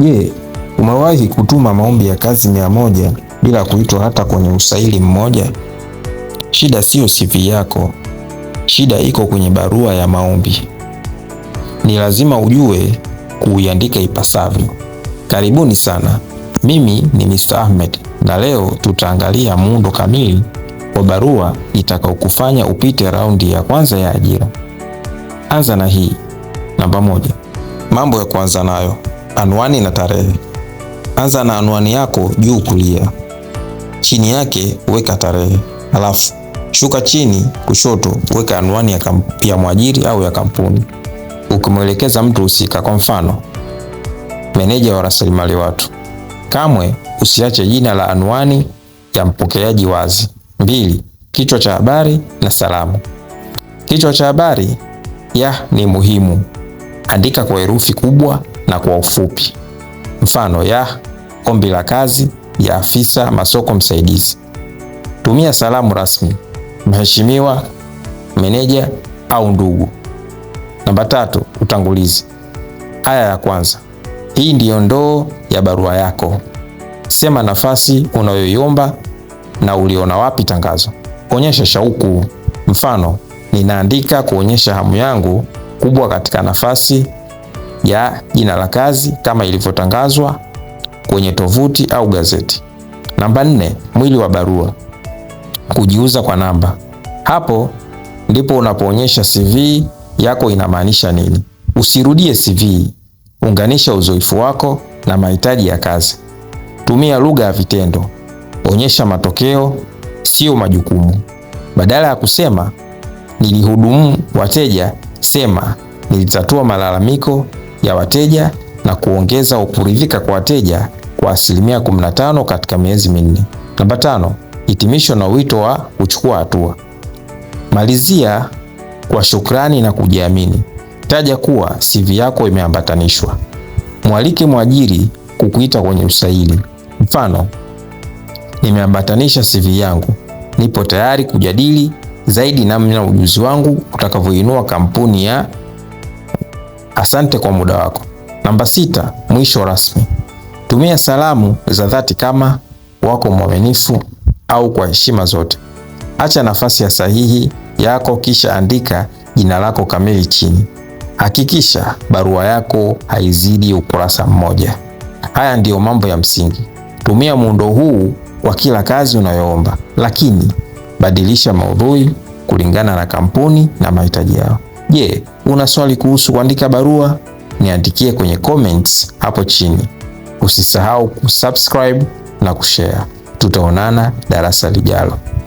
Je, umewahi kutuma maombi ya kazi mia moja bila kuitwa hata kwenye usaili mmoja? Shida siyo CV yako, shida iko kwenye barua ya maombi. Ni lazima ujue kuiandika ipasavyo. Karibuni sana, mimi ni Mr. Ahmed na leo tutaangalia muundo kamili wa barua itakaokufanya upite raundi ya kwanza ya ajira. Anza na hii namba moja, mambo ya kuanza nayo anwani na tarehe. Anza na anwani yako juu kulia, chini yake weka tarehe, alafu shuka chini kushoto, weka anwani ya, ya mwajiri au ya kampuni, ukimwelekeza mtu husika. Kwa mfano, meneja wa rasilimali watu. Kamwe usiache jina la anwani ya mpokeaji wazi. Mbili, kichwa cha habari na salamu. Kichwa cha habari ya ni muhimu, andika kwa herufi kubwa na kwa ufupi. Mfano ya ombi la kazi ya afisa masoko msaidizi. Tumia salamu rasmi: mheshimiwa, meneja au ndugu. Namba tatu, utangulizi. Aya ya kwanza, hii ndiyo ndoo ya barua yako. Sema nafasi unayoiomba na uliona wapi tangazo. Onyesha shauku. Mfano, ninaandika kuonyesha hamu yangu kubwa katika nafasi ya jina la kazi kama ilivyotangazwa kwenye tovuti au gazeti. Namba nne, mwili wa barua. Kujiuza kwa namba. Hapo ndipo unapoonyesha CV yako inamaanisha nini. Usirudie CV, unganisha uzoefu wako na mahitaji ya kazi. Tumia lugha ya vitendo, onyesha matokeo, sio majukumu. Badala ya kusema nilihudumu wateja, sema nilitatua malalamiko ya wateja na kuongeza kuridhika kwa wateja kwa asilimia 15 katika miezi minne. Namba tano, hitimisho na wito wa kuchukua hatua. Malizia kwa shukrani na kujiamini. Taja kuwa CV yako imeambatanishwa. Mwalike mwajiri kukuita kwenye usaili. Mfano, nimeambatanisha CV yangu, nipo tayari kujadili zaidi namna ujuzi wangu utakavyoinua kampuni ya Asante kwa muda wako. Namba sita, mwisho rasmi. Tumia salamu za dhati kama wako mwaminifu au kwa heshima zote. Acha nafasi ya sahihi yako, kisha andika jina lako kamili chini. Hakikisha barua yako haizidi ukurasa mmoja. Haya ndiyo mambo ya msingi. Tumia muundo huu kwa kila kazi unayoomba, lakini badilisha maudhui kulingana na kampuni na mahitaji yao. Je, una swali kuhusu kuandika barua? Niandikie kwenye comments hapo chini. Usisahau kusubscribe na kushare. Tutaonana darasa lijalo.